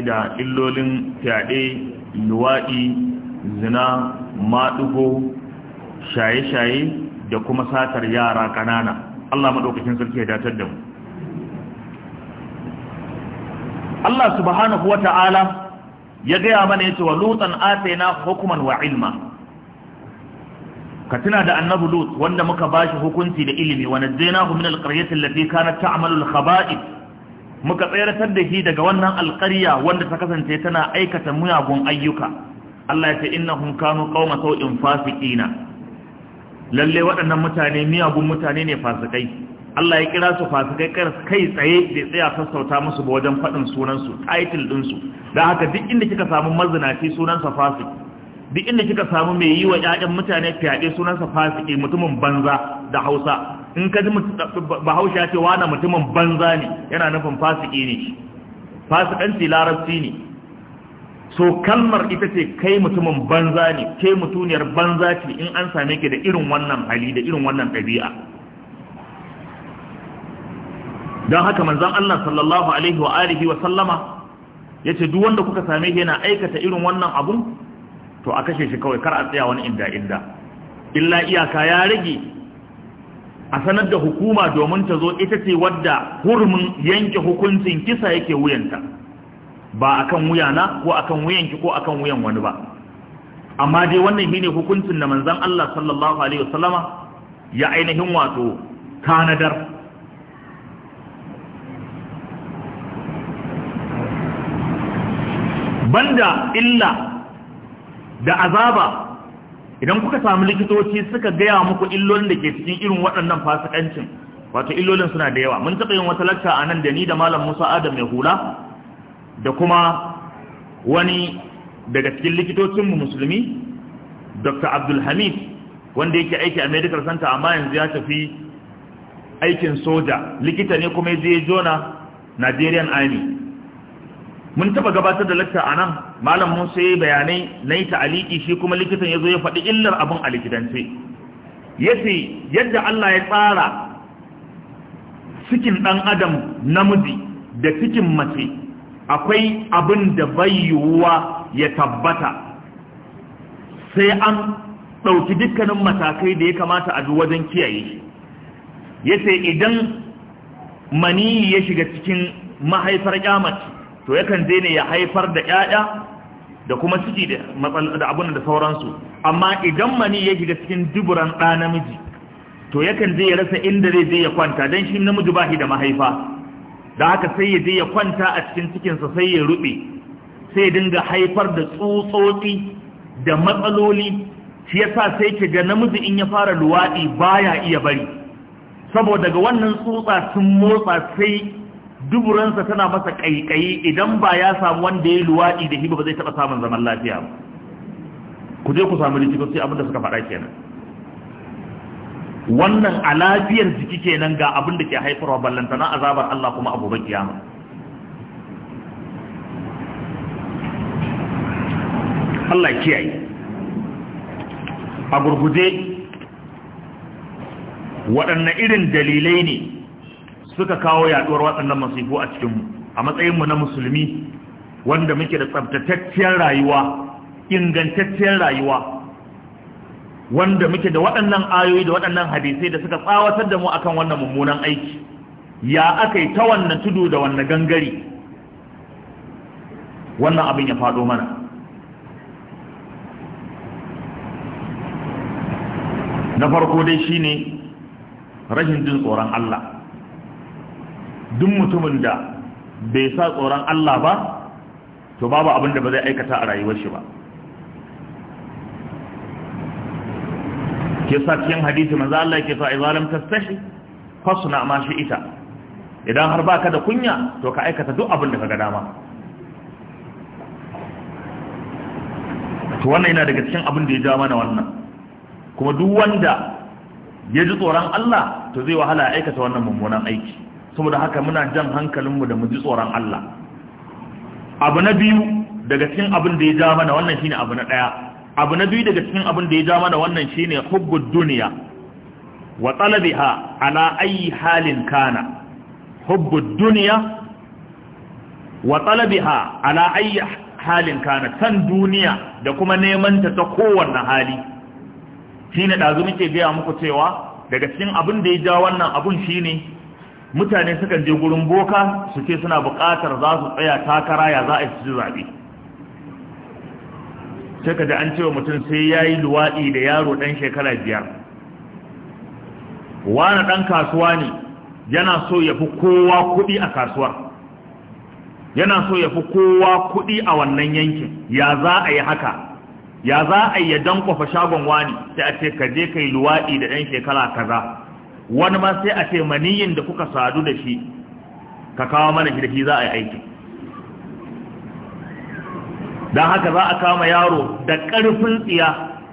da illolin fyaɗe luwaɗi zina maɗugo shaye-shaye da kuma satar yara ƙanana Allah maɗaukacin sarki ya datar da mu Allah subhanahu wa ta'ala ya gaya mana ya ce wa lutan atena hukuman wa ilma ka tuna da annabu lut wanda muka bashi hukunci da ilimi wa najjaynahu min alqaryati allati kanat ta'malu al-khaba'ith muka tsayartar da shi daga wannan alƙarya wanda ta kasance tana aikata muyagun ayyuka Allah ya ce innahum kanu qauma sau'in fasiqina lalle waɗannan mutane miyagun mutane ne fasikai Allah ya kira su fasikai kai tsaye bai tsaya sassauta musu ba wajen faɗin sunan su title din su dan haka duk inda kika samu mazinaci sunan sa fasik duk inda kika samu mai yi wa ƴaƴan mutane fyaɗe sunan sa fasiki mutumin banza da Hausa in ka ji bahaushe ya ce wani mutumin banza ne yana nufin fasiki ne shi fasikanci larabci ne so kalmar ita ce kai mutumin banza ne ke mutuniyar banza ce in an same ki da irin wannan hali da irin wannan ɗabi'a don haka manzon Allah sallallahu alaihi wa alihi wa sallama yace duk wanda kuka same shi yana aikata irin wannan abun to a kashe shi kawai kar a tsaya wani inda inda illa iyaka ya rage a sanar da hukuma domin ta zo ita ce wadda hurumin yanke hukuncin kisa yake wuyanta ba akan na, ko akan wuyanki ko akan wuyan wani ba amma dai wannan shine hukuncin da manzon Allah sallallahu alaihi wasallama ya ainihin wato tanadar banda illa da azaba idan kuka samu likitoci suka gaya muku illolin da ke cikin irin waɗannan fasikancin wato illolin suna da yawa mun taɓa yin wata lacca a nan da ni da malam musa adam mai hula da kuma wani daga cikin likitocinmu musulmi dr abdulhamid wanda yake aiki a medical center amma yanzu ya tafi aikin soja likita ne kuma ya je jona nigerian army mun taba gabatar da lakta anan nan malam musa sai bayanai na yi ta'aliki shi kuma likitan ya zo ya faɗi illar abin a likitance ya ce yadda allah ya tsara cikin ɗan adam namiji da cikin mace akwai abin da bai yiwuwa ya tabbata sai an ɗauki dukkanin matakai da ya kamata a bi wajen kiyaye shi ya ce idan maniyi ya shiga cikin mahaifar ƙyamaci to yakan je ne ya haifar da ƴaƴa da kuma ciki da da abun da sauransu amma idan mani ya shiga cikin duburan ɗa namiji to yakan je ya rasa inda zai je ya kwanta dan shi namiji ba shi da mahaifa da haka sai ya je ya kwanta a cikin cikinsa sai ya rube sai dinga haifar da tsutsotsi da matsaloli shi yasa sai ki ga namiji in ya fara luwaɗi baya iya bari saboda ga wannan tsutsa sun motsa sai duburansa tana masa ƙaiƙayi idan ba ya samu wanda ya luwaɗi da hiba ba zai taɓa samun zaman lafiya ba ku je ku samu likitoci abin da suka faɗa kenan wannan a lafiyar jiki kenan ga abin ke haifarwa ballantana azabar Allah kuma abu ba kiyama Allah kiyaye a gurguje waɗanne irin dalilai ne suka kawo yaduwar waɗannan masifu a cikinmu a matsayinmu na musulmi wanda muke da tsabtatacciyar rayuwa ingantacciyar rayuwa wanda muke da waɗannan ayoyi da waɗannan hadisai da suka tsawatar da mu akan wannan mummunan aiki ya aka yi ta wannan tudu da wannan gangari wannan abin ya faɗo mana na farko dai shine rashin jin tsoron Allah duk mutumin da bai sa tsoron Allah ba to babu abin da ba zai aikata a rayuwar shi ba ke sa cikin hadisi manzo Allah yake fa izalam tastahi fasna ma shi ita idan har baka da kunya to ka aikata duk abin da ka ga dama to wannan yana daga cikin abin da ya ja mana wannan kuma duk wanda ya ji tsoron Allah to zai wahala aikata wannan mummunan aiki saboda haka muna jan hankalinmu da mu ji tsoron Allah abu na biyu daga cikin abin da ya ja mana wannan shine abu na daya abu na biyu daga cikin abin da ya ja mana wannan shine hubbud dunya wa talabiha ala ayi halin kana hubbud dunya wa talabiha ala ayi halin kana san duniya da kuma neman ta ta kowanne hali shine dazu muke gaya muku cewa daga cikin abin da ya ja wannan abun shine mutane sukan je gurin boka su ce suna buƙatar za su tsaya takara ya za a su zaɓe sai ka ji an cewa mutum sai ya yi luwaɗi da yaro ɗan shekara biyar wani ɗan kasuwa ne yana so ya fi kowa kuɗi a kasuwar yana so ya fi kowa kuɗi a wannan yankin ya za a yi haka ya za a yi ya danƙwafa shagon wani sai a ce ka je ka yi luwaɗi da ɗan shekara kaza wani ma sai a ce maniyin da kuka sadu da shi ka kawo mana shi da shi za a yi aiki Dan haka za a kama yaro da karfin tsiya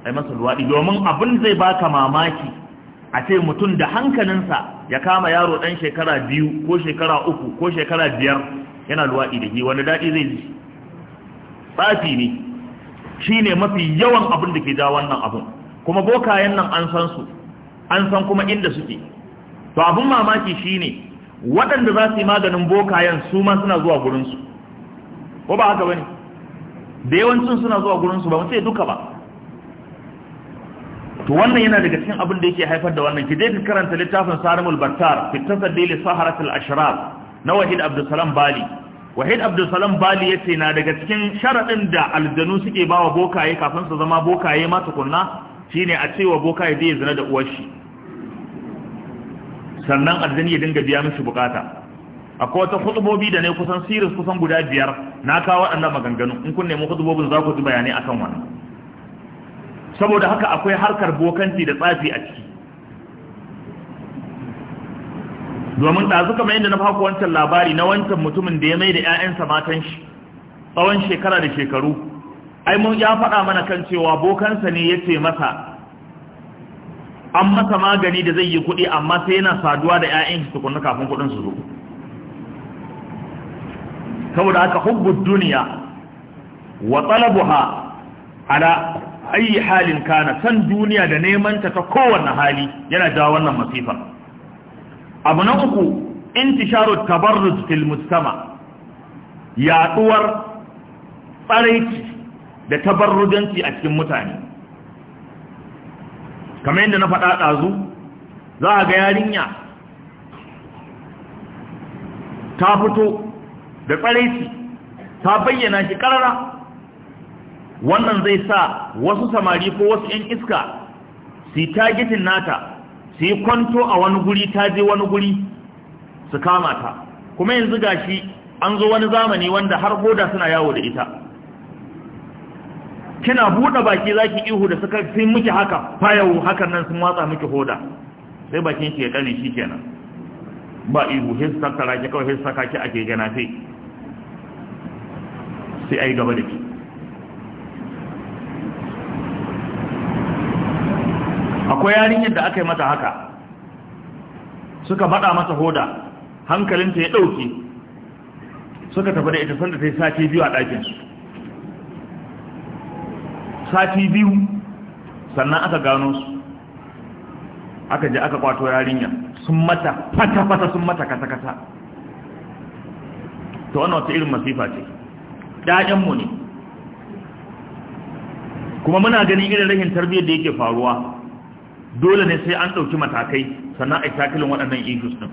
a masa luwaɗi domin abin zai baka mamaki a ce mutum da hankalinsa ya kama yaro ɗan shekara biyu ko shekara uku ko shekara biyar yana luwaɗi da shi wani daɗi zai ji tsafi ne shine mafi yawan abin da ke ja wannan abin kuma bokayen nan an san su an san kuma inda suke to abin mamaki shine waɗanda za su yi maganin bokayen su ma suna zuwa gurinsu ko ba haka bane da yawancin suna zuwa gurinsu ba mu duka ba to wannan yana daga cikin abin da yake haifar da wannan ki je ki karanta littafin Sarimul Battar fi tasaddili saharatul ashraf na Wahid Abdulsalam Bali Wahid Abdulsalam Bali yace na daga cikin sharadin da aljanu suke bawa bokaye kafin su zama bokaye ma tukunna shine a cewa bokaye zai zina da uwar shi sannan aljani ya dinga biya mishi bukata akwai wata hutubobi da ne kusan siris kusan guda biyar na kawo waɗannan maganganu in kun nemi hutubobin za ku ji bayanai akan wannan saboda haka akwai harkar bokanci da tsafi a ciki domin ɗazu kamar yadda na fako wancan labari na wancan mutumin da ya mai da 'ya'yansa matan shi tsawon shekara da shekaru ai mun ya faɗa mana kan cewa bokansa ne ya ce masa an masa magani da zai yi kuɗi amma sai yana saduwa da 'ya'yan su kunna kafin kuɗin su zo saboda haka hubbud duniya wa talabuha ala ayi halin kana san duniya da neman ta ta kowanne hali yana jawo wannan masifa abu na uku intisharu tabarruz fil mujtama yaduwar tsaraici da tabarrujanci a cikin mutane kamar yadda na faɗa ɗazu za a ga yarinya ta fito da tsaraici ta bayyana shi ƙarara wannan zai sa wasu samari ko wasu 'yan iska su yi tagitin nata su yi kwanto a wani guri ta je wani guri su kama ta kuma yanzu gashi an zo wani zamani wanda har hoda suna yawo da ita kina buɗe baki zaki ihu da suka sai miki haka fayawu hakan nan sun watsa miki hoda sai bakin ki ya kare shi kenan ba ihu sai saka tattara ki kawai sai saka ki ake gana sai sai ai gaba da ki akwai yarinyar da aka yi mata haka suka bada mata hoda hankalinta ya dauke suka tafi da ita sanda ta yi biyu a ɗakinsu sati biyu sannan aka gano su aka je aka kwato yarinya sun mata fata-fata sun mata kasa-kasa. ta wannan wata irin masifa ce ɗayanmu ne kuma muna ganin irin rahin tarbiyyar da yake faruwa dole ne sai an ɗauki matakai sannan a yi waɗannan issues ɗin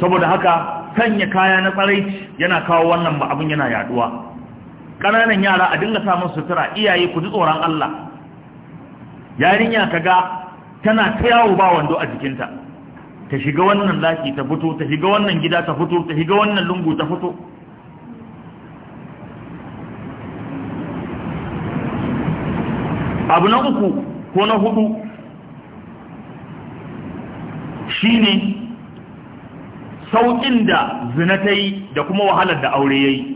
saboda haka sanya kaya na tsaraici yana kawo wannan ba abin yana yaduwa ƙananan yara a dinga samun sutura iyaye ku ji tsoron Allah yarinya ka ga tana ta yawo ba wando a jikinta ta shiga wannan laki ta fito ta shiga wannan gida ta fito ta shiga wannan lungu ta fito abu na uku ko na hudu ne sauƙin da zina ta da kuma wahalar da aure ya yi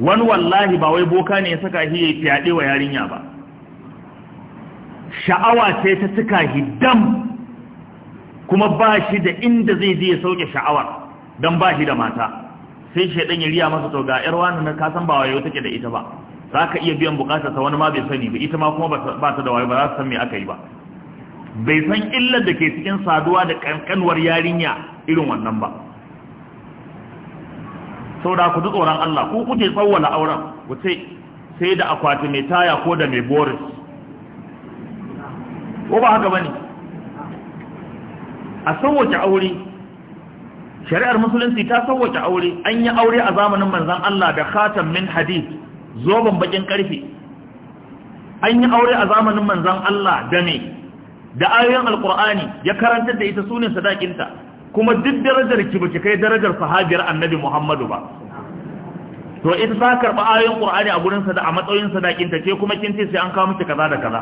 wani wallahi ba wai boka ne ya saka shi ya fyaɗe wa yarinya ba sha'awa ce ta cika hidam kuma ba shi da inda zai je ya sauke sha'awa don ba shi da mata sai shaidan ya riya masa to ga yar wani na kasan ba wayo take da ita ba za ka iya biyan bukatar ta wani ma bai sani ba ita ma kuma ba ta da wayo ba za su san me aka yi ba bai san illar da ke cikin saduwa da kankanwar yarinya irin wannan ba saboda ku ji tsoron Allah ku kuke tsawwala auren ku ce sai da akwati mai taya ko da mai boris ko ba haka bane a sauwace aure shari'ar musulunci ta sauwace aure an yi aure a zamanin manzon Allah da khatam min hadith zoban bakin karfe an yi aure a zamanin manzon Allah da ne da ayoyin alkur'ani ya karanta da ita sunan sadakinta kuma duk darajar ki baki kai darajar sahabiyar annabi Muhammadu ba to ita ta karba ayoyin Qur'ani a gurin sa da a matsayin sadakin ta ce kuma kin ce sai an kawo miki kaza da kaza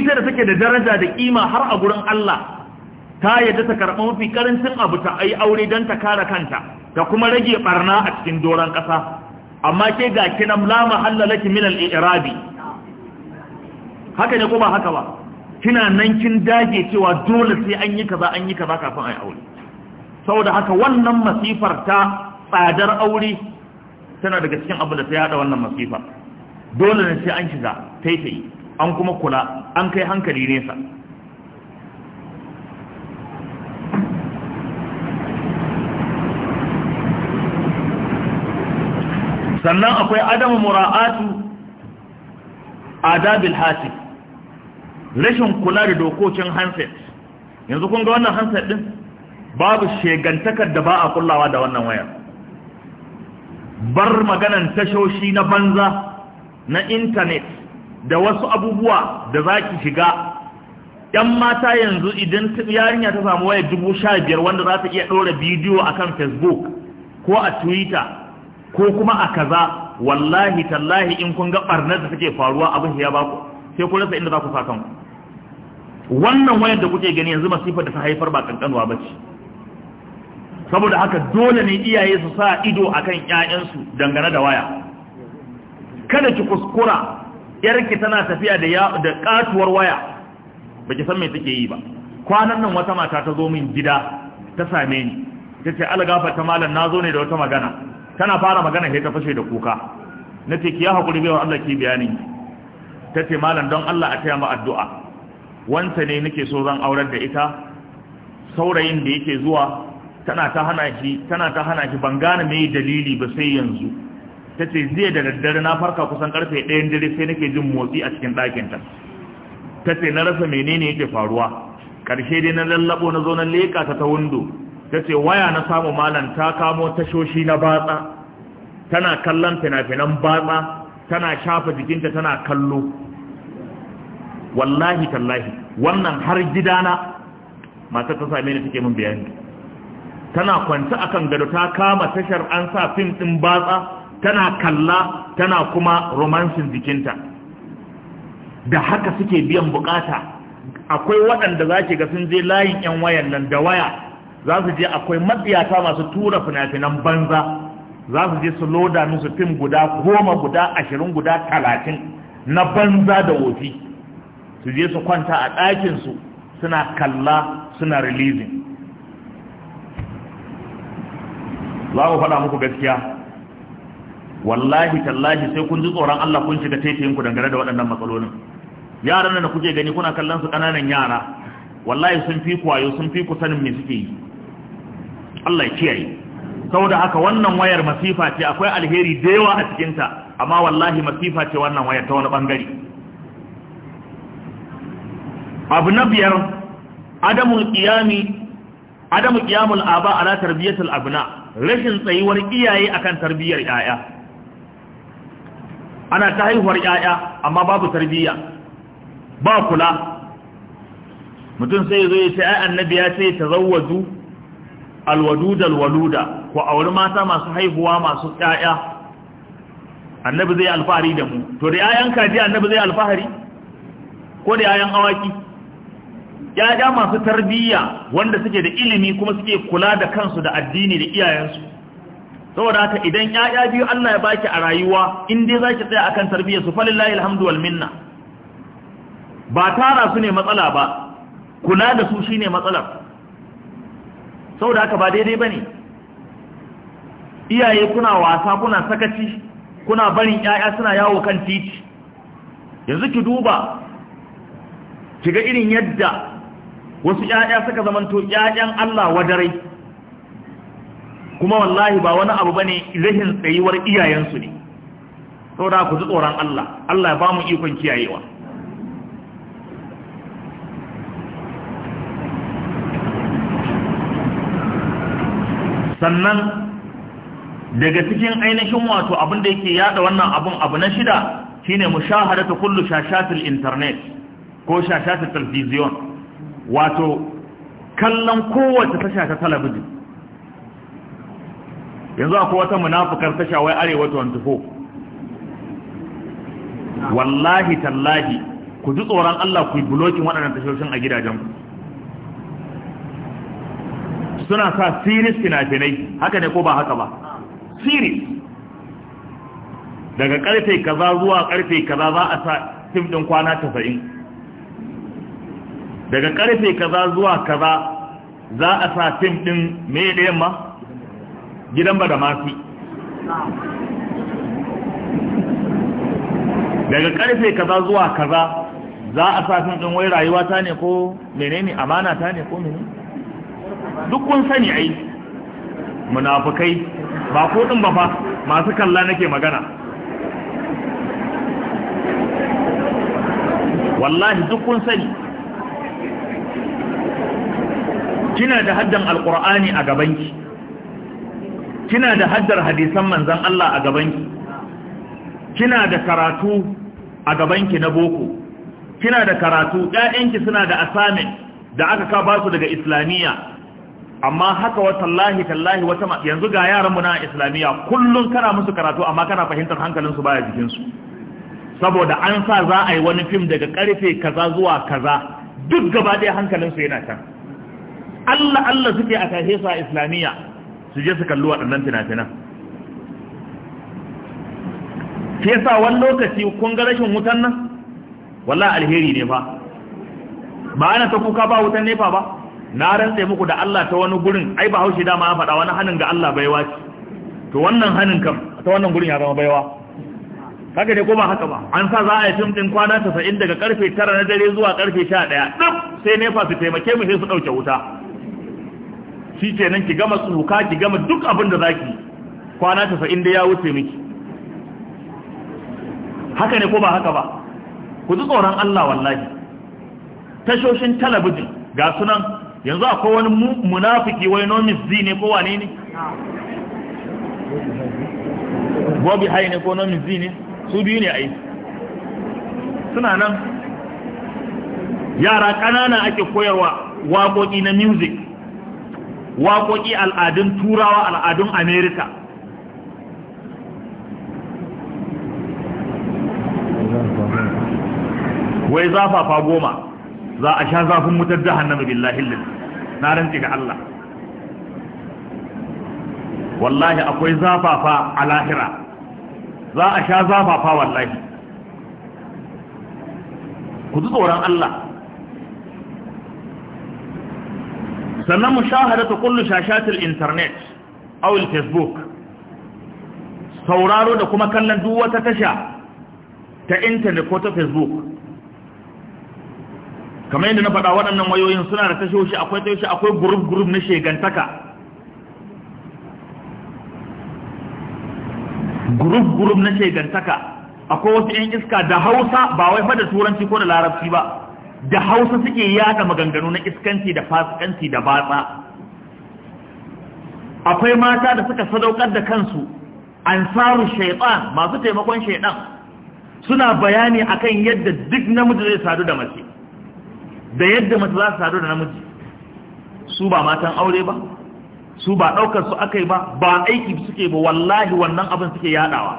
ita da take da daraja da kima har a gurin Allah ta yadda ta karba mafi karancin abu ta ai aure dan ta kare kanta ta kuma rage barna a cikin doron kasa amma ke ga kinam la mahalla laki min al-i'rabi haka ne ko ba haka ba kina nan kin dage cewa dole sai an yi kaza an yi kaza kafin a yi aure saboda haka wannan masifar ta tsadar aure tana daga cikin abu da ta yada wannan masifa dole ne sai an shiga taitayi an kuma kula an kai hankali nesa sannan akwai adamu mura'atu adabil hasib rashin kula da dokokin handset yanzu kun ga wannan handset din babu shegantakar da ba a kullawa da wannan wayar bar maganan tashoshi na banza na intanet da wasu abubuwa da za ki shiga ‘yan mata yanzu idan yarinya ta samu waya dubu sha biyar wanda za ta iya ɗora bidiyo a kan facebook ko a twitter ko kuma a kaza wallahi tallahi in kun ga barnar da take faruwa abin ya baku sai kun rasa inda za ku sa kanku wannan wayar da kuke gani yanzu masifar da ta haifar ba kankanuwa ba ce saboda haka dole ne iyaye su sa ido a kan ƴaƴansu dangane da waya kada ki kuskura yarki tana tafiya da da katuwar waya ki san me take yi ba kwanan nan wata mata ta zo min gida ta same ni tace algafa ta malam nazo ne da wata magana tana fara magana sai ta fashe da kuka na ce ki ya hakuri bai Allah ki bayanin ce malam don Allah a taya mu addu'a wanta ne nake so zan aurar da ita saurayin da yake zuwa tana ta hana shi tana ta hana shi ban gane me dalili ba sai yanzu tace jiya da daddare na farka kusan karfe 1 dare sai nake jin motsi a cikin ɗakin ta tace na rasa menene yake faruwa karshe dai na lallabo na zo na leka ta ta windo tace waya na samu malam ta kamo tashoshi na batsa tana kallon fina-finan batsa tana shafa jikinta tana kallo wallahi tallahi wannan har gidana matar ta same ni take min bayani tana kwance akan gado ta kama tashar an sa fim din batsa tana kalla tana kuma romancing jikinta da haka suke biyan bukata akwai waɗanda za ki ga sun je layin 'yan wayan nan da waya za su je akwai matsiyata masu tura fina-finan banza za su je su loda musu fim guda goma guda ashirin guda talatin na banza da wofi su je su kwanta a ɗakinsu suna kalla suna releasing za ku faɗa muku gaskiya wallahi tallahi sai kun ji tsoron Allah kun shiga taitayin ku dangane da waɗannan matsalolin yaran da kuke gani kuna kallon su ƙananan yara wallahi sun fi kwayo sun fi ku sanin me suke yi Allah ya kiyaye saboda haka wannan wayar masifa ce akwai alheri da yawa a cikinta amma wallahi masifa ce wannan wayar ta wani bangare abu na biyar adamul kiyami adamul kiyamul aba ala tarbiyatul abna rashin tsayuwar iyaye akan tarbiyyar yaya ana ta haihuwar yaya amma babu tarbiyya ba kula mutum sai zo ya ce ai annabi ya ce tazawwaju alwadud alwaluda ko auri mata masu haihuwa masu yaya annabi zai alfahari da mu to da yayan kaji annabi zai alfahari ko da yayan awaki ya'ya masu tarbiyya wanda suke da ilimi kuma suke kula da kansu da addini da iyayensu saboda haka idan ya'ya biyu Allah ya baki a rayuwa in dai zaki tsaya akan tarbiyyar su falillahi alhamdu wal minna ba tara su ne matsala ba kula da su shine matsalar saboda haka ba daidai bane iyaye kuna wasa kuna sakaci kuna barin ya'ya suna yawo kan titi yanzu ki duba kiga irin yadda wasu ƴaƴa suka zamanto ƴaƴan Allah wadarai kuma wallahi ba wani abu bane rahin tsayuwar iyayensu ne saboda ku ji tsoron Allah Allah ba mu ikon kiyayewa sannan daga cikin ainihin wato abin da yake yada wannan abun abu na shida shine mushahadatu kullu shashatil internet ko shashatil television wato kallon kowace tasha ta talabijin yanzu akwai wata munafukar tasha wai arewa 24 wallahi tallahi ku ji tsoron Allah ku yi bulokin waɗannan tashoshin a gidajenku suna sa siris finafinai haka ne ko ba haka ba siris daga karfe kaza zuwa karfe kaza za a sa fim ɗin kwana 90 daga karfe kaza zuwa kaza za a sa fim din me da yamma gidan ba da mafi daga karfe kaza zuwa kaza za a sa fim din wai rayuwa ta ne ko menene amana ta ne ko menene duk kun sani ai munafukai ba ko din ba fa masu kalla nake magana wallahi duk kun sani kina da haddan alqur'ani a gabanki kina da haddar hadisan manzon Allah a gabanki kina da karatu a gabanki na boko kina da karatu ɗayanki suna da asamin da aka ka ba daga islamiyya amma haka wa tallahi tallahi wata yanzu ga yaran mu na islamiyya kullum kana musu karatu amma kana fahimtar hankalin su baya jikinsu saboda an sa za a yi wani fim daga karfe kaza zuwa kaza duk gaba ɗaya hankalin su yana can Allah Allah suke a tashe su a islamiyya su je su kalli waɗannan fina-finan Ke sa wani lokaci kun ga rashin wutan nan walla alheri ne fa ba ana ta kuka ba wutan nefa ba na rantse muku da Allah ta wani gurin ai ba haushi dama ya faɗa wani hannun ga Allah baiwa ce to wannan hannun kam ta wannan gurin ya zama baiwa Haka ne ko ba haka ba an sa za a yi fim kwana 90 daga karfe 9 na dare zuwa karfe 11 duk sai nefa su taimake mu sai su ɗauke wuta shi nan ki gama tsuka ki gama duk abin da zaki kwana tasa'in inda ya wuce miki haka ne ko ba haka ba ku ji tsoron Allah wallahi tashoshin talabijin ga sunan yanzu akwai wani munafiki wai nomis zi ne ko wane ne Gobi hai ne ko nomis zi ne su biyu ne ai suna nan yara ƙanana ake koyarwa waƙoƙi na music waƙoƙi al'adun turawa al'adun amerika wai zafafa goma za a sha zafin mutar jahannama billahi lil na rantsi ga Allah wallahi akwai zafafa a lahira za a sha zafafa wallahi ku ji tsoron Allah sannan mushahadatu kullu shashatil internet aw facebook sauraro da kuma kallon duk wata tasha ta internet ko ta facebook kamar yadda na faɗa waɗannan wayoyin suna da tashoshi akwai tashoshi akwai group group na shegantaka group group na shegantaka akwai wasu 'yan iska da hausa ba wai fa da turanci ko da larabci ba da hausa suke yada maganganu na iskanci da fasikanci da batsa akwai mata da suka sadaukar da kansu ansaru shaitan masu taimakon shaitan suna bayani akan yadda duk namiji zai sadu da mace da yadda mace za su sadu da namiji su ba matan aure ba su ba daukar su akai ba ba aiki suke ba wallahi wannan abin suke yadawa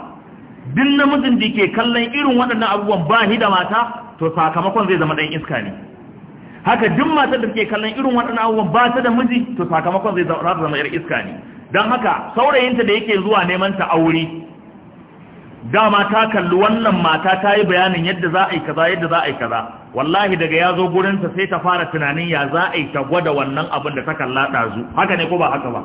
duk namijin da ke kallon irin waɗannan abubuwan ba hidda mata to sakamakon zai zama ɗan iska ne haka duk matar da ke kallon irin waɗannan abubuwan ba ta da miji to sakamakon zai zama yar iska ne don haka saurayinta da yake zuwa neman ta aure dama ta kalli wannan mata ta yi bayanin yadda za a yi kaza yadda za a yi kaza wallahi daga ya zo gurinta sai ta fara tunanin ya za a yi ta gwada wannan abin da ta kalla ɗazu haka ne ko ba haka ba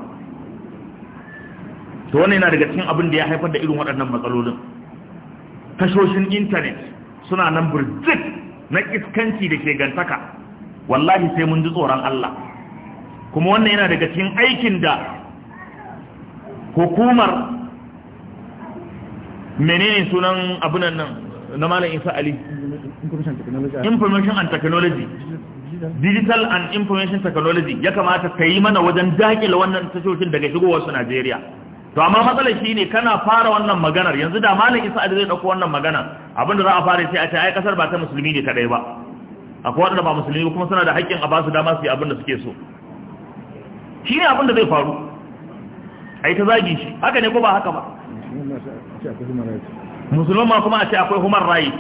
to wannan yana daga cikin abin da ya haifar da irin waɗannan matsalolin tashoshin intanet suna nan burjik na iskanci da ke gantaka wallahi sai mun ji tsoron Allah kuma wannan yana daga cikin aikin da hukumar menene sunan abunan nan na malam isa ali information and technology digital and information technology ya kamata ka yi mana wajen dakila wannan tashoshin daga shigowar su Najeriya to amma matsalar ne kana fara wannan maganar yanzu da malam isa ali zai dauko wannan maganar abinda za a fara sai a ce ai kasar ba ta musulmi ne kadai ba akwai waɗanda ba musulmi ba kuma suna da haƙƙin a ba su dama su yi abinda suke so shi ne abinda zai faru ai ta zagi shi haka ne ko ba haka ba musulman ma kuma a ce akwai human rights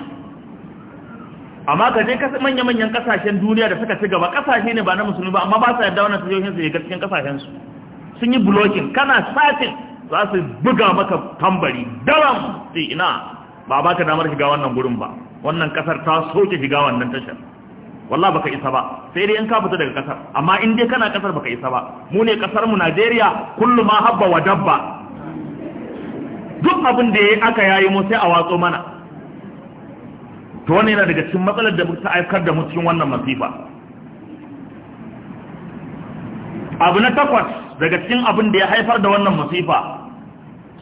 amma ka je manya-manyan kasashen duniya da suka ci gaba kasashe ne ba na musulmi ba amma ba su yadda wannan sojojin su ga cikin kasashen su sun yi blocking kana satin za su buga maka tambari daram sai ina ba ba ka damar shiga wannan gurin ba wannan kasar ta soke shiga wannan tashar wallah baka isa ba sai dai in ka fita daga kasar amma in dai kana kasar baka isa ba mu ne kasar mu Najeriya kullu ma habba wa dabba duk abin da yayi aka yayi mu sai a watso mana to wannan yana daga cikin matsalar da ta aikar da mu cikin wannan masifa abu na takwas daga cikin abin da ya haifar da wannan masifa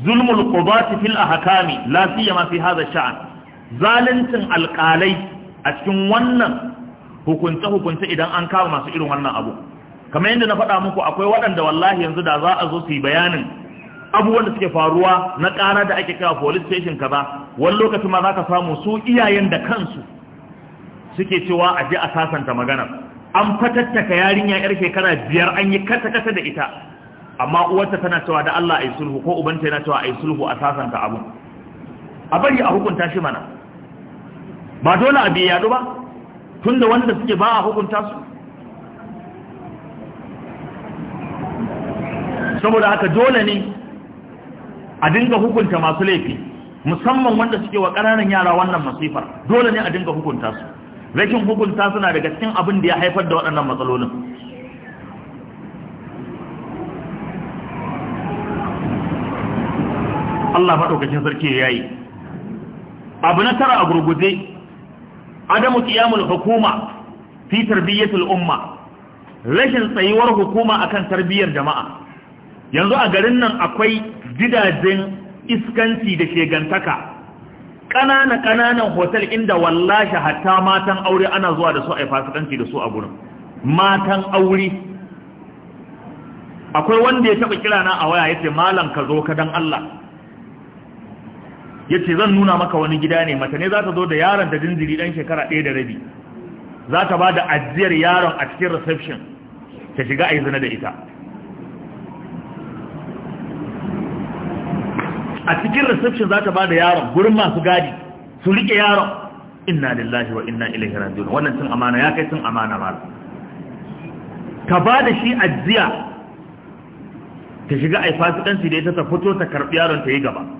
zulmul qudati fil ahkami la siyama fi hadha sha'an zaluncin alqalai a cikin wannan hukunce hukunce idan an kawo masu irin wannan abu kamar yadda na faɗa muku akwai waɗanda wallahi yanzu da za a zo su yi bayanin abubuwan da suke faruwa na ƙara da ake kawo police station kaza wani lokacin ma za ka samu su iyayen da kansu suke cewa a je a sasanta magana. an fatattaka yarinya yar shekara biyar an yi kasa kasa da ita amma uwarta tana cewa da Allah ai sulhu ko ubanta yana cewa ai sulhu a sasanta abun. a bari a hukunta shi mana ba dole a biya yadu ba tunda wanda suke ba a hukunta su saboda haka dole ne a dinga hukunta masu laifi musamman wanda suke wa ƙananan yara wannan masifar dole ne a dinga hukunta su rashin hukunta suna daga cikin abin da ya haifar da waɗannan matsalolin Allah maɗaukacin sarki ya yi abu na tara a gurguje adamu qiyamul hukuma fi tarbiyyatul umma rashin tsayuwar hukuma akan tarbiyyar jama'a yanzu a garin nan akwai gidajen iskanci da shegantaka ƙanana ƙananan hotel inda wallahi hatta matan aure ana zuwa da su a yi fasikanci da su a gurin matan aure akwai wanda ya taɓa kirana a waya ya ce malam ka zo ka dan Allah ya ce zan nuna maka wani gida ne mata ne za ta zo da yaron da jinjiri ɗan shekara ɗaya da rabi za ta ba da ajiyar yaron a cikin reception ta shiga a yi zina da ita a cikin reception za ta ba da yaron gurin masu gadi su riƙe yaron inna lillahi wa inna ilaihi rajiun wannan cin amana ya kai cin amana mala ka ba da shi ajiya ta shiga a yi fasikanci da ita ta fito ta karɓi yaron ta yi gaba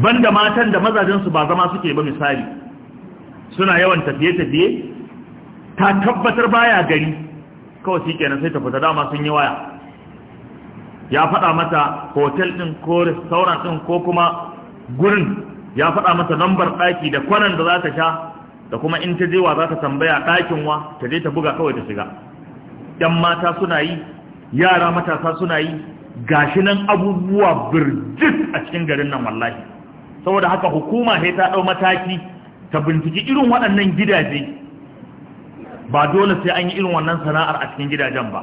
banda matan da mazajensu ba zama suke ba misali suna yawan tafiye-tafiye ta tabbatar baya gari kawai shi kenan sai ta fita dama sun yi waya ya faɗa mata hotel ɗin ko restaurant ɗin ko kuma gurin ya faɗa mata lambar ɗaki da kwanan da za ta sha da kuma in ta je wa za ta tambaya ɗakin wa ta je ta buga kawai ta shiga ‘yan mata suna yi yara matasa suna yi gashi nan abubuwa birjit a cikin garin nan wallahi saboda haka hukuma sai ta ɗau mataki ta binciki irin waɗannan gidaje ba dole sai an yi irin wannan sana'ar a cikin gidajen ba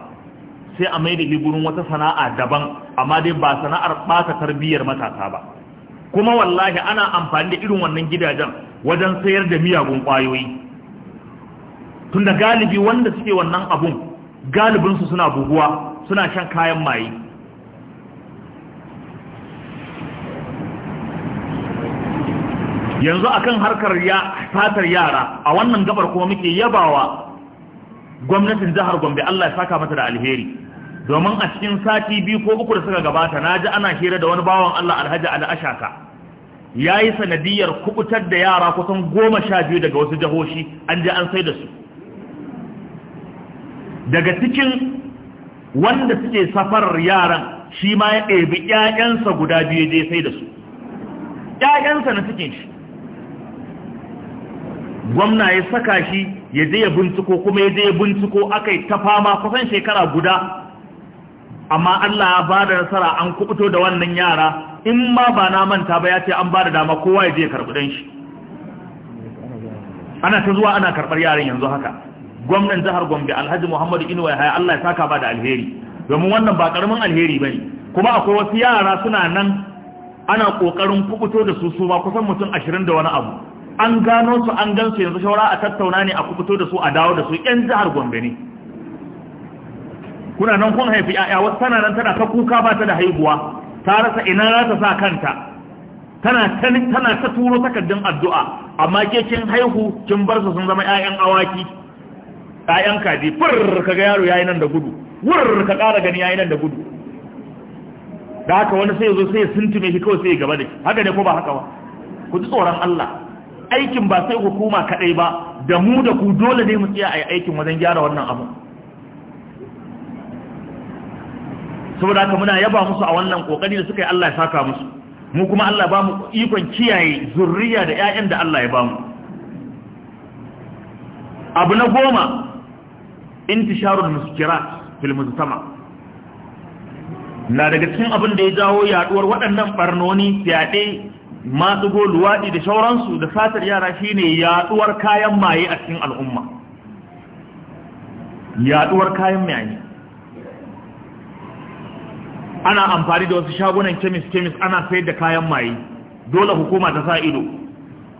sai a mai da gurin wata sana'a daban amma dai ba sana'ar ɓata tarbiyyar matasa ba kuma wallahi ana amfani da irin wannan gidajen wajen sayar da miyagun ƙwayoyi tunda galibi wanda suke wannan abun galibinsu suna buguwa suna shan kayan maye yanzu akan harkar ya fatar yara a wannan gabar kuma muke yabawa gwamnatin jihar Gombe Allah ya saka mata da alheri domin a cikin sati biyu ko uku da suka gabata na ji ana hira da wani bawan Allah Alhaji Ali Ashaka ya yi sanadiyar kubutar da yara kusan goma sha biyu daga wasu jahoshi an je an sai da su daga cikin wanda suke safarar yaran shi ma ya ɗebi ‘ya'yansa guda biyu je sai da su ‘ya'yansa na cikin shi gwamna ya saka shi ya je ya binciko kuma ya je ya binciko akai ta fama kusan shekara guda amma Allah ya ba nasara an kubuto da wannan yara in ma ba na manta ba ya ce an bada dama kowa ya je karɓi don shi ana ta zuwa ana karɓar yaran yanzu haka gwamnan jihar Gombe Alhaji Muhammadu Inuwa ya Allah ya saka ba da alheri domin wannan ba karamin alheri bane kuma akwai wasu yara suna nan ana kokarin kubuto da su su ba kusan mutum ashirin da wani abu an gano su an gan su, yanzu shawara a tattauna ne a kubuto da su a dawo da su yan jihar gombe ne kuna nan kun haifi ya'ya wasu tana nan tana ta kuka ba ta da haihuwa ta rasa ina za ta sa kanta tana tana ta turo takardun addu'a amma ke kin haihu kin bar su sun zama 'ya'yan awaki 'ya'yan kaji fur kaga yaro yayi nan da gudu wur ka ƙara gani yayi nan da gudu da haka wani sai yazo zo sai ya shi kawai sai ya gaba da shi haka ne ko ba haka ba ku ji tsoron Allah aikin ba sai hukuma kadai ba da mu da ku dole ne mu tsaya a yi aikin wajen gyara wannan abu saboda haka muna yaba musu a wannan kokari da suka yi Allah ya saka musu mu kuma Allah ba mu ikon kiyaye zurriya da ƴaƴan da Allah ya ba mu abu na goma intisharul muskirat fil mujtama na daga cikin abin da ya jawo yaduwar waɗannan barnoni fyaɗe matsugo luwaɗi da shauransu da satar yara shine yaɗuwar kayan maye a cikin al'umma yaɗuwar kayan maye ana amfani da wasu shagunan kemis-kemis ana sayar da kayan maye dole hukuma ta sa ido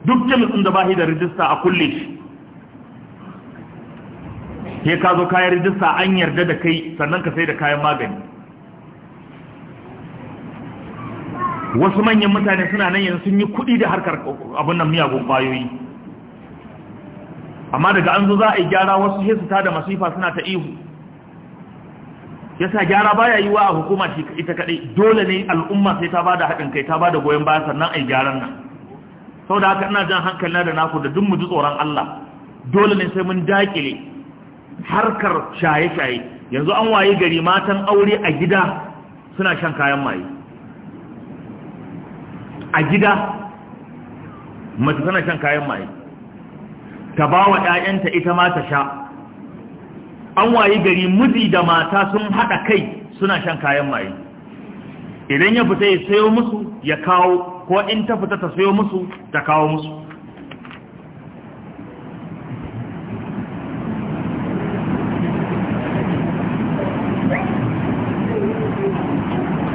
duk kemis ɗin da shi da rijista a kulle shi ke ka zo kayan rijista an yarda da kai sannan ka sai da kayan magani wasu manyan mutane suna nan yanzu sun yi kuɗi da harkar abin nan miyagun bayoyi amma daga an zo za a yi gyara wasu ta da masifa suna ta ihu yasa gyara baya yi wa a hukuma ita kaɗai dole ne al'umma sai ta ba da haɗin kai ta ba da goyon baya sannan a yi gyaran nan sau da haka ina jan hankali da naku da duk mu ji tsoron Allah dole ne sai mun dakile harkar shaye-shaye yanzu an waye gari matan aure a gida suna shan kayan maye a gida mace tana shan kayan maye ta ba wa ‘ya'yanta ita ma ta sha an wayi gari muzi da mata sun haɗa kai suna shan kayan maye idan ya fita ya sayo musu ya kawo ko in ta fita ta sayo musu ta kawo musu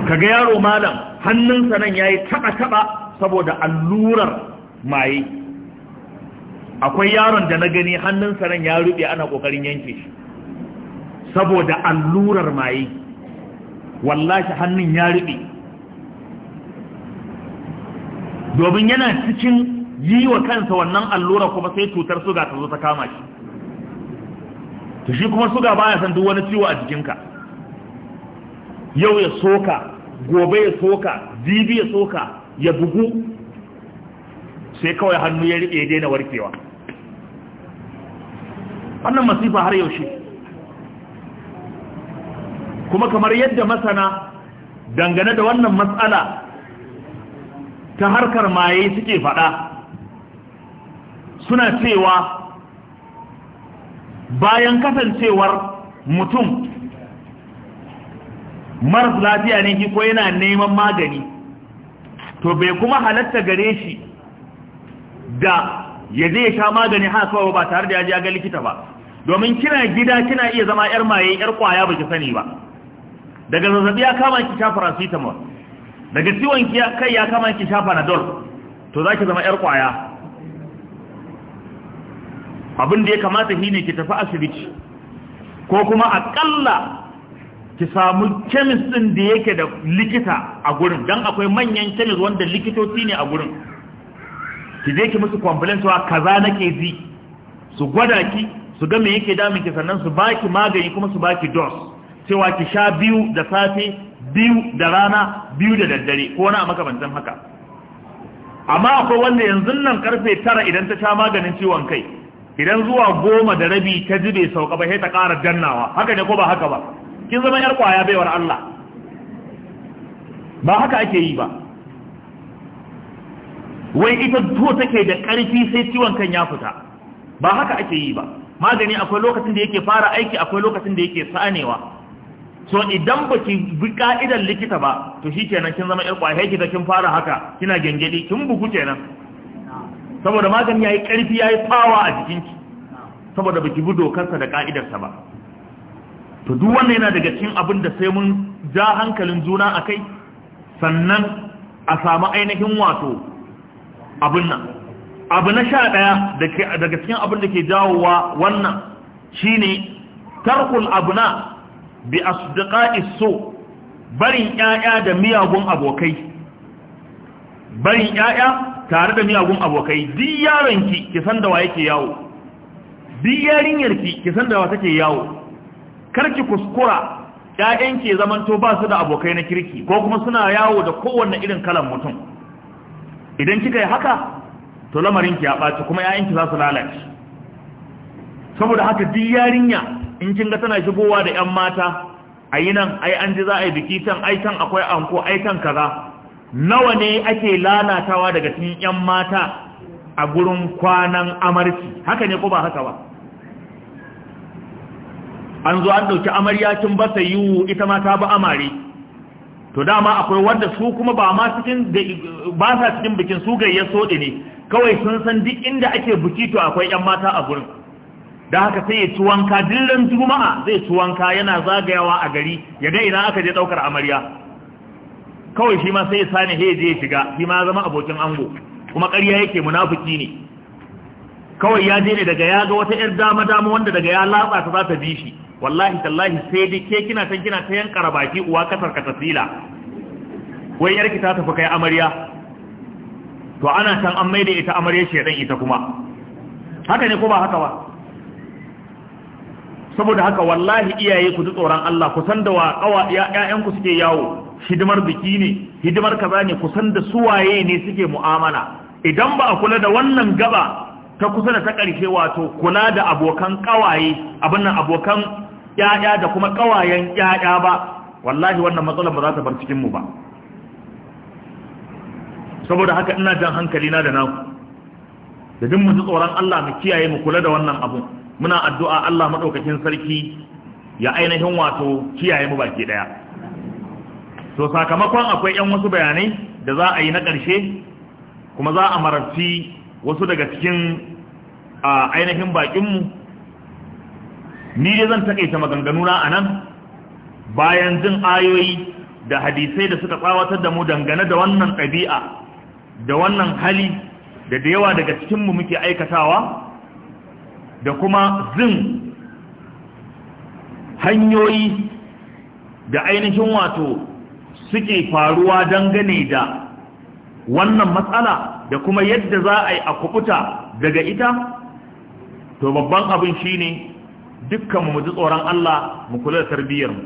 Ka ga yaro malam hannunsa nan ya yi taɓa-taɓa saboda allurar maye akwai yaron da na gani hannunsa nan ya ruɓe ana kokarin yanke shi saboda allurar maye wallashi hannun ya ruɓe domin yana cikin yi wa kansa wannan allura kuma sai cutar suga ta zo ta kama shi to shi kuma suga baya san duk wani ciwo a jikinka yau ya soka gobe ya soka bibi ya soka ya bugu sai kawai hannu ya riƙe ya daina warkewa wannan masifa har yaushe kuma kamar yadda masana dangane da wannan matsala ta harkar maye suke faɗa suna cewa bayan kasancewar mutum maras lafiya ne shi ko yana neman magani to bai kuma halatta gare shi da ya zai sha magani haka kawai ba tare da ya yaga ga likita ba domin kina gida kina iya zama yar maye yar kwaya baki sani ba daga zazzabi ya kama ki sha paracetamol daga ciwon kai ya kama ki sha panadol to zaki zama yar kwaya abin da ya kamata shine ki tafi asibiti ko kuma akalla ki samu kemis din da yake da likita a gurin don akwai manyan kemis wanda likitoci ne a gurin ki je ki musu complaint a kaza nake ji su gwada ki su ga me yake damun ki sannan su baki magani kuma su baki dose cewa ki sha biyu da safe biyu da rana biyu da daddare ko wani a makamantan haka amma akwai wanda yanzu nan karfe tara idan ta sha maganin ciwon kai idan zuwa goma da rabi ta ji bai sauka ba sai ta ƙara dannawa haka ne ko ba haka ba kin zama yar kwaya baiwar Allah ba haka ake yi ba wai ita duwa take da ƙarfi sai ciwon kan ya fita ba haka ake yi ba magani akwai lokacin da yake fara aiki akwai lokacin da yake sanewa so idan ba ki bi ka'idar likita ba to shi kenan kin zama yar kwaya ki kin fara haka kina gengedi kin bugu kenan saboda magani yayi ƙarfi yayi fawa a jikinki saboda baki bi dokarsa da ka'idarsa ba to duk wanda yana daga cikin abin da sai mun ja hankalin juna a kai sannan a samu ainihin wato abin nan abu na sha ɗaya daga cikin abin da ke jawowa wannan shine tarkul abuna bi asdiqa iso barin ƴaƴa da miyagun abokai barin ƴaƴa tare da miyagun abokai duk yaron ki ki san da wa yake yawo duk yarinyar ki ki san da wa take yawo karki kuskura ‘ya'yan ke zamanto ba su da abokai na kirki ko kuma suna yawo da kowanne irin kalan mutum idan kika yi haka to lamarin ki ya ɓaci kuma ‘ya'yanki za su lalace saboda haka duk yarinya in kin ga tana shigowa da ‘yan mata a yi nan ai an ji za a yi biki can ai can akwai anko ai can kaza nawa ne ake lalatawa daga cikin ‘yan mata a gurin kwanan amarci haka ne ko ba haka ba an zo an ɗauki amaryacin basa yiwu ita ma ta bi amare to dama akwai wanda su kuma ba ma cikin ba sa cikin bikin su gayya so ne kawai sun san duk inda ake buki to akwai yan mata a gurin da haka sai ya ci wanka dillan juma'a zai ci wanka yana zagayawa a gari ya ga ina aka je ɗaukar amarya kawai shi ma sai ya sani he je shiga shi ma zama abokin ango kuma ƙarya yake munafiki ne kawai ya je ne daga ya ga wata 'yar dama dama wanda daga ya latsa ta za ta bi shi wallahi tallahi sai dai ke kina san kina ta yankara baki uwa kasar ka tasila wai ki ta tafi kai amarya to ana san an maida ita amarya shedan ita kuma haka ne ko ba haka ba saboda haka wallahi iyaye ku ji tsoron Allah ku san da wa kawa ƴaƴan ku suke yawo hidimar biki ne hidimar kaza ne ku san da waye ne suke mu'amala idan ba a kula da wannan gaba ta kusa da ta ƙarshe wato kula da abokan ƙawaye abin nan abokan ƴaƴa da kuma ƙawayen ƴaƴa ba wallahi wannan matsalar ba za ta bar cikin mu ba saboda haka ina jan hankali na da naku da duk mutu tsoron Allah mu kiyaye mu kula da wannan abu muna addu'a Allah madaukakin sarki ya ainihin wato kiyaye mu baki ɗaya to sakamakon akwai yan wasu bayanai da za a yi na ƙarshe kuma za a mararci wasu daga cikin ainihin bakinmu ni dai zan takaita maganganuna a nan bayan jin ayoyi da hadisai da suka tsawatar da mu dangane da wannan ɗabi'a da wannan hali da da yawa daga cikinmu muke aikatawa da kuma zin hanyoyi da ainihin wato suke faruwa dangane da wannan matsala da kuma yadda za a yi a kuɓuta daga ita to babban abin shine dukkan mu ji tsoron Allah mu kula da tarbiyyar mu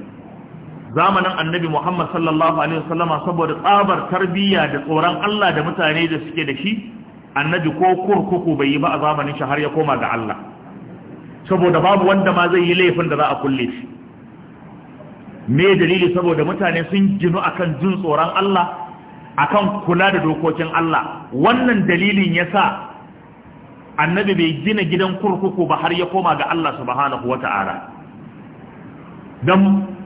zamanin annabi Muhammad sallallahu alaihi wasallama saboda tsabar tarbiyya da tsoron Allah da mutane da suke da shi annabi ko kurkuku bai yi ba a zamanin shi har ya koma ga Allah saboda babu wanda ma zai yi laifin da za a kulle shi me dalili saboda mutane sun ginu akan jin tsoron Allah akan kula da dokokin Allah wannan dalilin yasa annabi bai gina gidan kurkuku ba har ya koma ga Allah subhanahu Ta'ara. don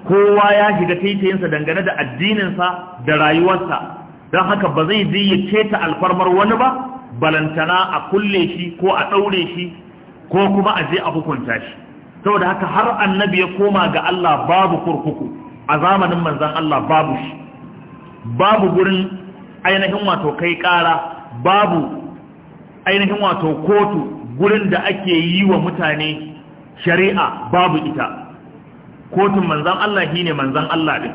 kowa ya shiga taitayinsa dangane da addininsa da rayuwarsa don haka ba zai je ya keta alfarmar wani ba balantana a kulle shi ko a ɗaure shi ko kuma a je a hukunta shi saboda haka har annabi ya koma ga Allah babu kurkuku a zamanin manzan Allah babu shi babu gurin ainihin wato kai ƙara babu ainihin wato kotu gurin da ake yi wa mutane shari'a babu ita kotun manzan Allah shine manzan Allah din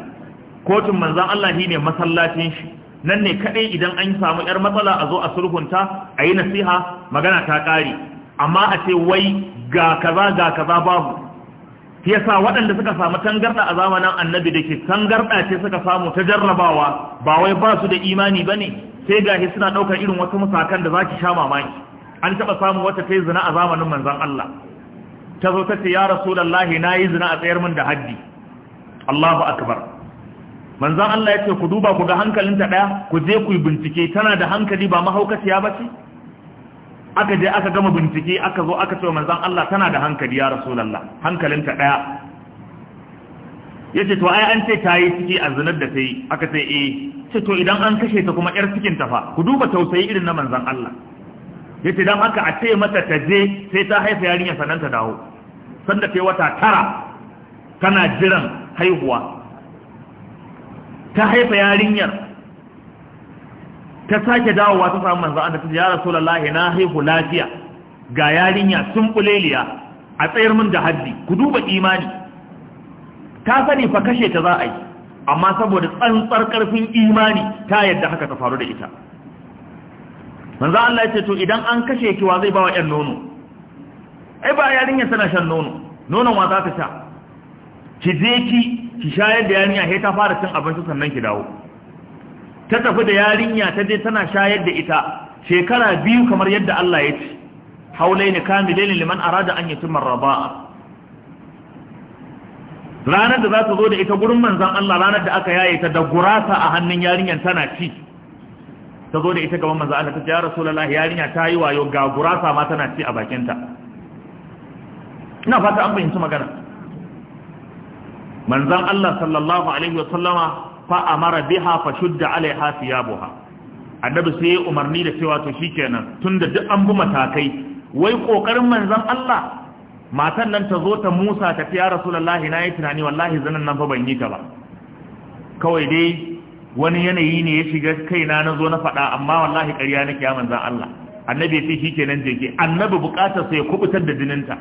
kotun manzan Allah shine masallacin shi nan ne kadai idan an samu yar matsala a zo a sulhunta a yi nasiha magana ta kare amma a ce wai ga kaza ga kaza babu shi yasa waɗanda suka samu tangarɗa a zamanin annabi da ke tangarɗa ce suka samu ta jarrabawa ba wai ba su da imani ba ne sai gashi suna ɗaukar irin wasu musakan da za ki sha mamaki an taɓa samun wata ta yi zina a zamanin manzan Allah ta zo ta ce ya rasulallahi na yi zina a tsayar min da haddi Allahu akbar manzan Allah ya ce ku duba ku ga hankalinta ɗaya ku je ku yi bincike tana da hankali ba mahaukaciya ba ce aka je aka gama bincike aka zo aka ce wa manzan Allah tana da hankali ya rasulallah hankalinta ɗaya ya ce to ai an ce ta yi ciki a zinar da ta yi aka ce eh ce to idan an kashe ta kuma yar cikin ta fa ku duba tausayi irin na manzon Allah yace dan haka a ce mata ta je sai ta haifa yarinya sannan dawo sanda ta wata tara tana jiran haihuwa ta haifa yarinyar ta sake dawowa ta samu manzan Allah ta ya rasulullahi na haihu lafiya ga yarinya sun kuleliya a tsayar min da haddi ku duba imani ta sani fa kashe ta za a yi amma saboda tsantsar karfin imani ta yadda haka ta faru da ita manzo Allah ya ce to idan an kashe ki wa zai bawa ƴan nono ai ba yarinya tana shan nono nonon wa za ta sha ki je ki ki shayar da yarinya sai ta fara cin abinci sannan ki dawo ta tafi da yarinya ta je tana shayar da ita shekara biyu kamar yadda Allah ya ce haulaini kamilaini liman arada an yatimma raba'a ranar da za ta zo da ita gurin manzan Allah ranar da aka yaye ta da gurasa a hannun yarinyar tana ci ta zo da ita gaban manzan Allah ta ce ya rasulullahi yarinya ta yi wayo ga gurasa ma tana ci a bakinta ina fata an fahimci magana manzan Allah sallallahu alaihi wa sallama fa amara biha fa shudda alaiha thiyabuha annabi sai umarni da cewa to shikenan tunda duk an bi matakai wai kokarin manzan Allah matan nan ta zo ta musa ta fiya rasulullahi na yi tunani wallahi zanen nan fa ban yi ta ba kawai dai wani yanayi ne ya shiga kaina na zo na faɗa amma wallahi ƙarya na kiyaman zan Allah annabi ya ce shi kenan jeke annabi buƙatar sai ya kubutar da jininta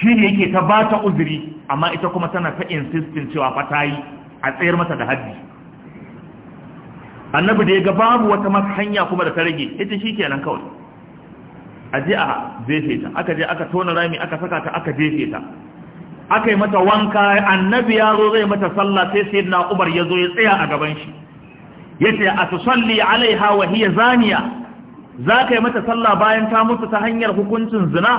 shi ne yake ta ba ta uzuri amma ita kuma tana ta insistin cewa fa ta yi a tsayar mata da haddi annabi da ya ga babu wata hanya kuma da ta rage ita shi kenan kawai a je a jefe ta aka je aka tona rami aka saka ta aka jefe ta aka yi mata wanka annabi ya zo zai mata sallah sai sai na ubar ya zo ya tsaya a gaban shi ya ce a tusalli alaiha wa hiya zaniya za ka yi mata sallah bayan ta mutu ta hanyar hukuncin zina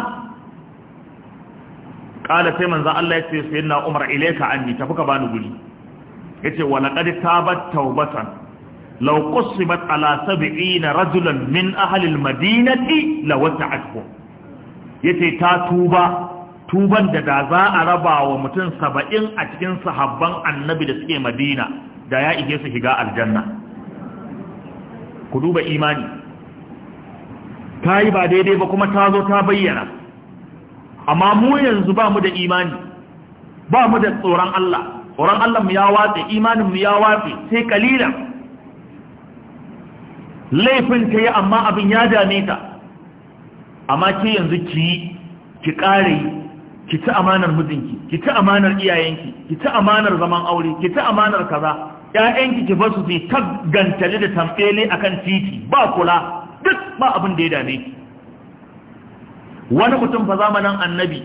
kala sai manzo Allah ya ce sai na umar ilaika anni tafi ka bani guri yace wa laqad tabat tawbatan law qusimat ala 70 rajulan min ahli almadinati lawata'athu yace ta tuba tuban da da za a raba wa mutum saba'in a cikin sahabban annabi da suke madina da ya ike su shiga aljanna ku duba imani ta yi ba daidai ba kuma ta zo ta bayyana amma mu yanzu ba mu da imani ba mu da tsoron Allah tsoron Allah mu ya watse imanin mu ya watse sai kalilan laifin ta yi amma abin ya dame ta amma ke yanzu ki yi ki ƙare ki ci amanar mijinki ki ci amanar iyayenki ki ci amanar zaman aure ki ci amanar kaza ƴaƴanki ki basu su ta gantali da tamfele akan titi ba kula duk ba abin da ya dame ki wani mutum fa zamanin annabi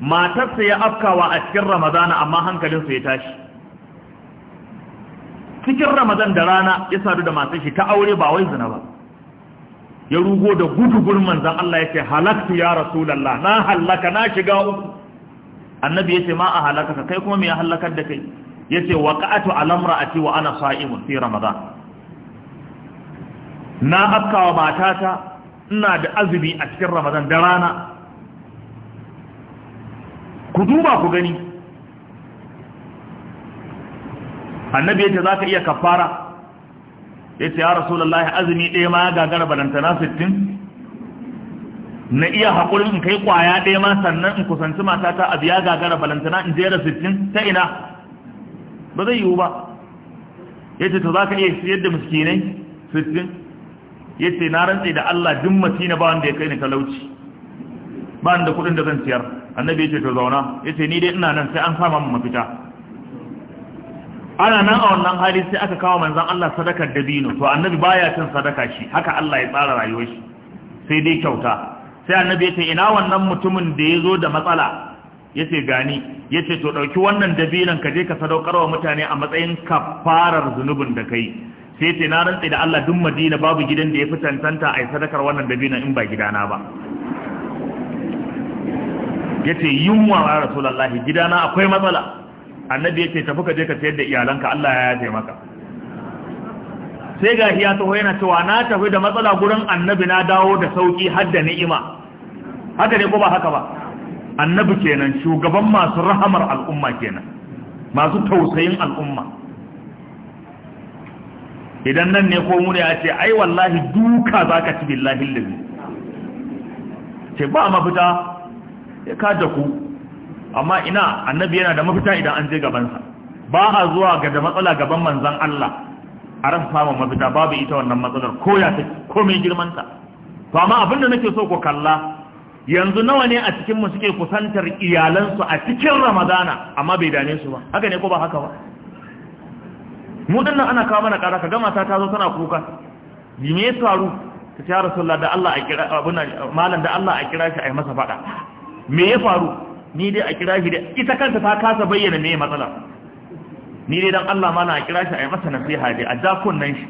matarsa ya afkawa a cikin ramadana amma hankalinsa ya tashi cikin ramadan da rana ya sadu da matan shi ta aure ba wai zina ba ya rugo da gudugun manzan Allah ya ce halaktu ya rasulallah na halaka na shiga uku annabi ya ce ma a halaka ka kai kuma me ya halakar da kai ya ce wa ka'atu alamra a wa ana sa'imun fi ramadan na afkawa matata ina da azumi a cikin ramadan da rana ku duba ku gani annabi ce za ka iya kafara ce ya rasu lallahi azumi ɗaya ma ya gagara balantana sittin na iya haƙurin in kai ƙwaya ɗaya ma sannan in kusanci mata ta a biya gagara balantana in jera sittin ta ina ba zai yiwu ba Ya ce to za ka iya siyar da 60 sittin ce na rantse da Allah duk na ba wanda ya kai ni talauci ba da kuɗin da zan siyar annabi ya ce ta zauna Ya ce ni dai ina nan sai an sama mafita ana nan a wannan hali sai aka kawo manzan Allah sadakar dabino to annabi baya cin sadaka shi haka Allah ya tsara rayuwar shi sai dai kyauta sai annabi ya ce ina wannan mutumin da ya zo da matsala ya ce gani ya ce to ɗauki wannan dabinan ka je ka sadaukar wa mutane a matsayin kafarar zunubin da ka yi sai ce na rantse da Allah duk madina babu gidan da ya fi cancanta a yi sadakar wannan dabinon in ba gidana ba ya ce yunwa ya rasulallah gidana akwai matsala annabi ya ce tafi ka je ka sayar da iyalanka Allah ya yaje maka sai ga ya taho yana cewa na tafi da matsala gurin annabi na dawo da sauki har da ni'ima haka ne ko ba haka ba annabi kenan shugaban masu rahamar al'umma kenan masu tausayin al'umma idan nan ne ko mure ya ce ai wallahi duka zaka ci billahi lillahi ce ba mafita ya ka da ku amma ina annabi yana da mafita idan an je gabansa ba a zuwa ga da matsala gaban manzan Allah a ran samun mafita babu ita wannan matsalar ko ya ta ko mai girmanta to amma abin da nake so ku kalla yanzu nawa ne a cikin mu suke kusantar iyalansu a cikin Ramadana amma bai dane su ba haka ne ko ba haka ba mu dinnan ana kawo mana ƙara ka mata ta zo tana kuka bi me ya faru ta ya rasulullah da Allah a kira abuna malam da Allah a kira shi a yi masa fada me ya faru ni dai a kira shi da ita kanta ta kasa bayyana me matsala ni dai dan Allah ma na kira shi a yi masa nasiha dai a ja kunnan shi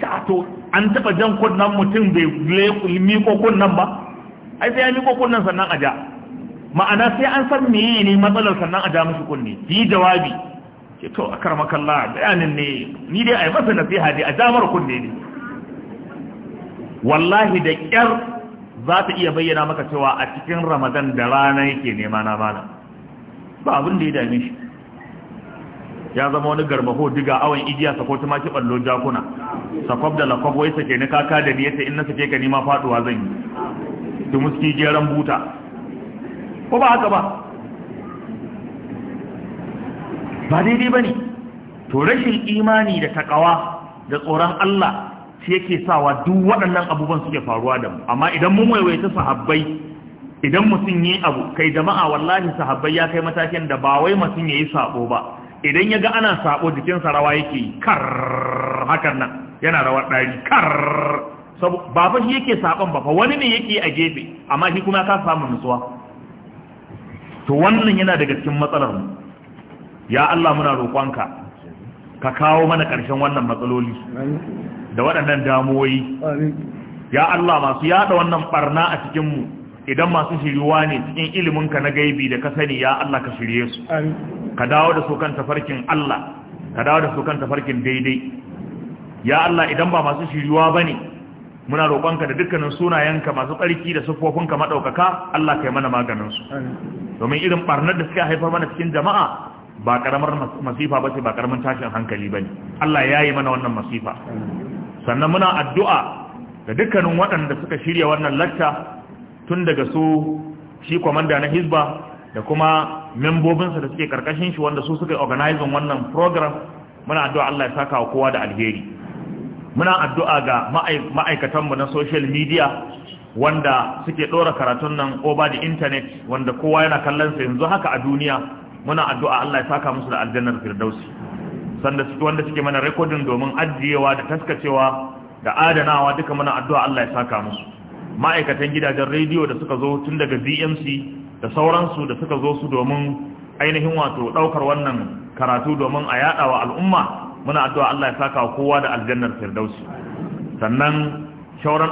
ta to an taba jan kunnan mutum bai miko kunnan ba ai sai ya miko kunnan sannan a ja ma'ana sai an san meye ne matsalar sannan a ja mishi kunni yi jawabi Ke to a karmakalla bayanin ne ni dai a yi masa nasiha dai a jamar kunne ne wallahi da kyar za ta iya bayyana maka cewa a cikin ramadan da rana yake nema na bana ba abin da ya dame shi ya zama wani garmaho diga awon igiya sako ta maki ballo jakuna sakwab da lakwab wai sake ni kaka da ni yace in na sake ka nima faduwa zan yi ki muski geran buta ko ba haka ba ba daidai bane to rashin imani da takawa da tsoron Allah shi yake sawa duk waɗannan abubuwan suke faruwa da mu amma idan mun waiwaita sahabbai idan mutum yi abu kai jama'a wallahi sahabbai ya kai matakin da ba wai mutum yayi sabo ba idan ya ga ana sabo jikinsa rawa yake kar hakan nan yana rawar dari kar ba fa shi yake sabon ba fa wani ne yake a gefe amma shi kuma ka samu nutsuwa to wannan yana daga cikin matsalar mu ya Allah muna roƙonka ka kawo mana ƙarshen wannan matsaloli da waɗannan damoyi. ya Allah masu yada wannan barna a cikinmu idan masu shiriwa ne cikin ilimin na gaibi da ka sani ya Allah ka shirye su ka dawo da su kan tafarkin Allah ka dawo da su kan tafarkin daidai ya Allah idan ba masu shiriwa ne muna roƙonka da dukkanin sunayenka masu tsarki da sufofinka maɗaukaka Allah ka yi mana maganin su domin irin ɓarnar da suka haifar mana cikin jama'a ba ƙaramar masifa ba ce ba ƙaramin tashin hankali ba ne Allah ya yi mana wannan masifa sannan muna addu'a da dukkanin waɗanda suka shirya wannan latta tun daga su shi kwamanda na Hisba da kuma membobinsa da suke karkashin shi wanda su suka organizin wannan program muna addu'a Allah ya saka wa kowa da alheri muna addu'a ga ma'aikatanmu na social media wanda suke ɗora karatun nan over the internet wanda kowa yana kallon sa yanzu haka a duniya muna addu'a Allah ya saka musu da aljannar firdausi sanda wanda suke mana rekodin domin ajiyewa da taskacewa da adanawa duka mana addu'a Allah ya saka musu ma'aikatan gidajen rediyo da suka zo tun daga DMC da sauransu da suka zo su domin ainihin wato daukar wannan karatu domin a yadawa al'umma muna addu'a Allah ya saka kowa da aljannar firdausi sannan shauran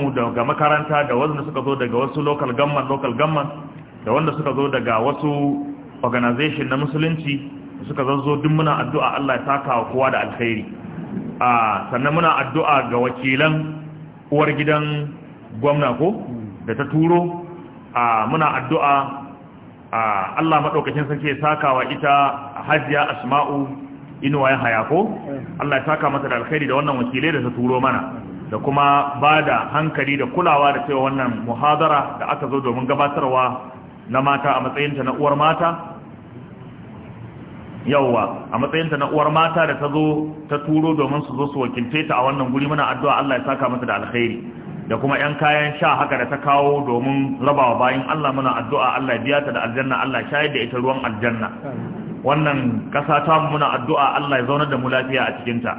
mu daga makaranta da wanda suka zo daga wasu local government local government da wanda suka zo daga wasu organization na musulunci suka zanzo duk muna addu'a Allah ya saka wa kowa da alkhairi a sannan muna addu'a ga wakilan uwar gidan gwamna ko da ta turo a muna addu'a a Allah madaukakin sarki ya saka wa ita Hajiya Asma'u Inuwa ya haya ko Allah ya saka mata da alkhairi da wannan wakilai da ta turo mana da kuma ba da hankali da kulawa da cewa wannan muhadara da aka zo domin gabatarwa na mata a matsayinta na uwar mata yawwa a matsayinta na uwar mata da ta zo ta turo domin su zo su wakilce ta a wannan guri muna addu'a Allah ya saka mata da alkhairi da kuma yan kayan sha haka da ta kawo domin rabawa bayan Allah muna addu'a Allah ya biya ta da aljanna Allah ya shayar da ita ruwan aljanna wannan kasa ta muna addu'a Allah ya zauna da mu lafiya a cikin ta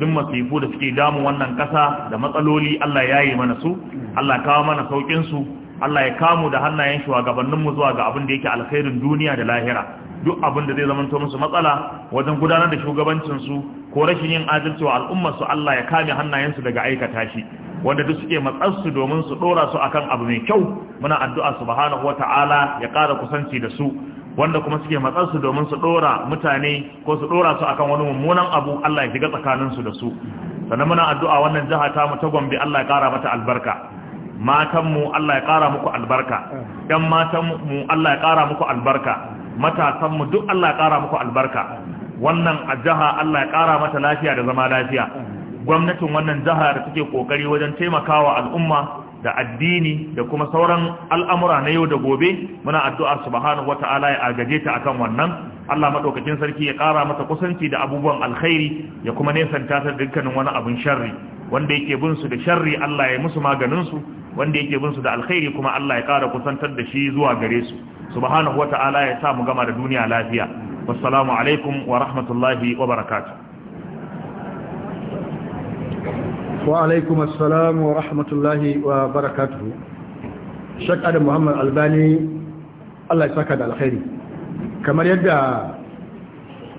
duk masifu da suke damu wannan kasa da matsaloli Allah ya yi mana su Allah ya kawo mana saukin su Allah ya kamu da hannayen mu zuwa ga abin da yake alkhairin duniya da lahira duk abin da zai zamanto musu matsala wajen gudanar da shugabancinsu ko rashin yin adalci wa su Allah ya kame hannayensu daga aikata shi wanda duk suke matsarsu domin su ɗora su akan abu mai kyau muna addu'a subhanahu wa ta'ala ya ƙara kusanci da su wanda kuma suke matsarsu domin su ɗora mutane ko su ɗora su akan wani mummunan abu Allah ya shiga tsakaninsu da su sannan muna addu'a wannan jiha ta mu ta Gombe Allah ya ƙara mata albarka matanmu Allah ya ƙara muku albarka ‘yan matanmu Allah ya ƙara muku albarka matasanmu duk Allah ya ƙara muku albarka wannan a jiha Allah ya ƙara mata lafiya da zama lafiya gwamnatin wannan jiha da take kokari wajen taimakawa al'umma da addini da kuma sauran al'amura na yau da gobe muna addu'a subhanahu wata'ala ya agaje ta akan wannan Allah madaukakin sarki ya ƙara mata kusanci da abubuwan alkhairi ya kuma nesanta ta dukkanin wani abin sharri wanda yake bin su da sharri Allah ya musu maganin su wanda yake bin su da alkhairi kuma Allah ya ƙara kusantar da shi zuwa gare su subhanahu wa ta'ala ya sa mu gama da duniya lafiya wassalamu alaikum wa rahmatullahi wa barakatuh wa alaikum assalam wa rahmatullahi wa barakatuh shek adam muhammad albani Allah ya saka da alkhairi kamar yadda